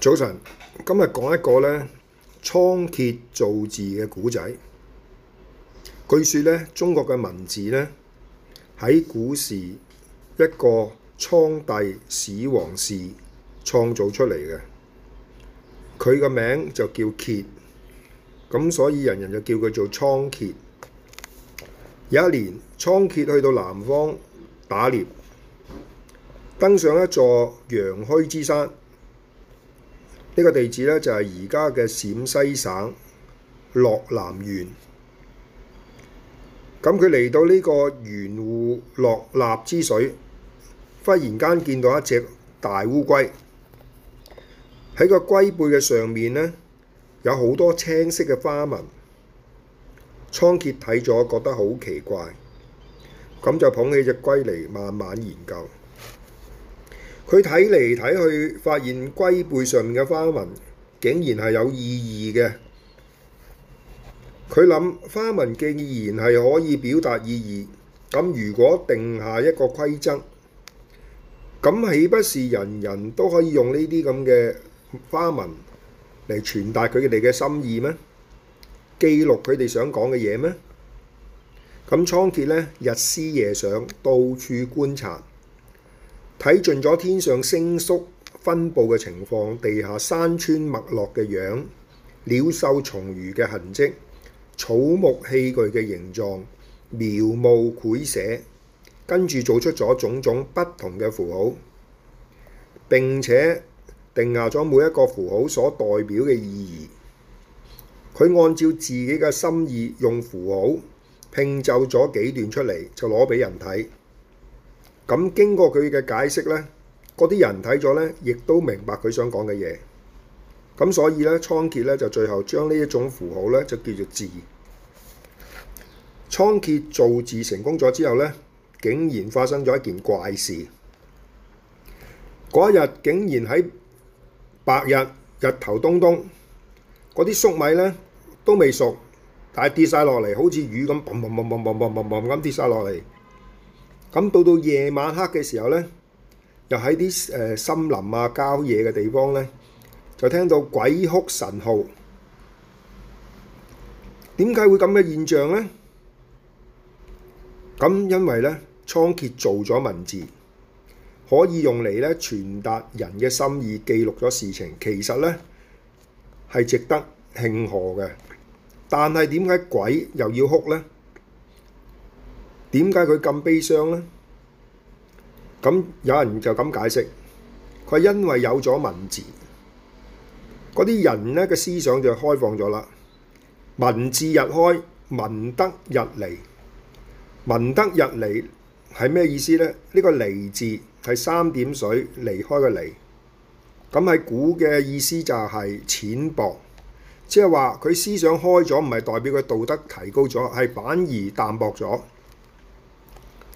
早晨，今日講一個咧倉頡造字嘅古仔。據說咧，中國嘅文字咧喺古時一個倉帝史皇氏創造出嚟嘅，佢嘅名就叫頡，咁所以人人就叫佢做倉頡。有一年，倉頡去到南方打獵，登上一座陽虛之山。呢個地址咧就係而家嘅陝西省洛南縣。咁佢嚟到呢個源湖洛，洛納之水，忽然間見到一隻大烏龜，喺個龜背嘅上面咧有好多青色嘅花紋。倉頡睇咗覺得好奇怪，咁就捧起隻龜嚟慢慢研究。佢睇嚟睇去，發現龜背上面嘅花紋竟然係有意義嘅。佢諗花紋既然係可以表達意義，咁如果定下一個規則，咁豈不是人人都可以用呢啲咁嘅花紋嚟傳達佢哋嘅心意咩？記錄佢哋想講嘅嘢咩？咁倉頡呢，日思夜想，到處觀察。睇盡咗天上星宿分布嘅情況，地下山川脈絡嘅樣，鳥獸蟲魚嘅痕跡，草木器具嘅形狀，描摹繪寫，跟住做出咗種種不同嘅符號，並且定下咗每一個符號所代表嘅意義。佢按照自己嘅心意，用符號拼就咗幾段出嚟，就攞俾人睇。咁經過佢嘅解釋呢，嗰啲人睇咗呢，亦都明白佢想講嘅嘢。咁所以呢，倉頡呢，就最後將呢一種符號呢，就叫做字。倉頡造字成功咗之後呢，竟然發生咗一件怪事。嗰日竟然喺白日日頭東東，嗰啲粟米呢都未熟，但係跌晒落嚟，好似雨咁，嘣嘣嘣嘣嘣嘣嘣嘣咁跌曬落嚟。咁到到夜晚黑嘅時候呢，又喺啲誒森林啊、郊野嘅地方呢，就聽到鬼哭神號。點解會咁嘅現象呢？咁因為呢，倉頡造咗文字，可以用嚟呢傳達人嘅心意、記錄咗事情。其實呢，係值得慶賀嘅，但係點解鬼又要哭呢？點解佢咁悲傷呢？咁有人就咁解釋，佢係因為有咗文字，嗰啲人呢嘅思想就開放咗啦。文字日開，文德日離。文德日離係咩意思呢？呢個離字係三點水，離開嘅離。咁喺古嘅意思就係淺薄，即係話佢思想開咗，唔係代表佢道德提高咗，係反而淡薄咗。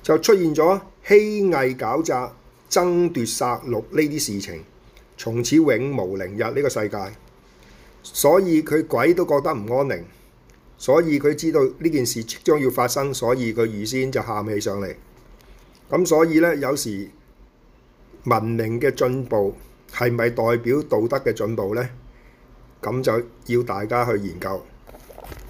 就出現咗欺偽狡詐、爭奪殺戮呢啲事情，從此永無寧日呢個世界。所以佢鬼都覺得唔安寧，所以佢知道呢件事即將要發生，所以佢預先就喊起上嚟。咁所以呢，有時文明嘅進步係咪代表道德嘅進步呢？咁就要大家去研究。